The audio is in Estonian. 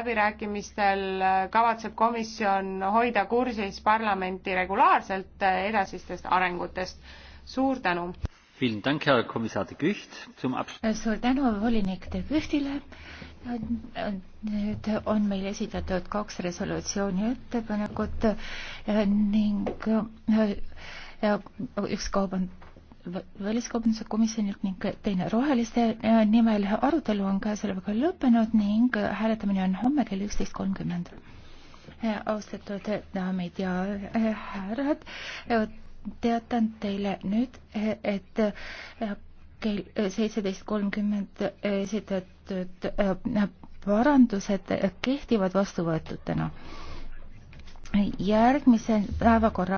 läbirääkimistel kavatseb komisjon hoida kursis parlamenti regulaarselt edasistest arengutest. suur tänu! suur tänu volinik de Guchtile. nüüd on meil esitatud kaks resolutsiooni ettepanekut ning ükskaup on väliskaubanduse komisjonilt ning teine roheliste äh, nimel. arutelu on käesolevaga lõppenud ning hääletamine on homme kell üksteist kolmkümmend. Äh, austatud äh, daamid ja härrad, teatan teile nüüd, et kell seitseteist kolmkümmend esitatud parandused kehtivad vastuvõetutena. järgmise päevakorra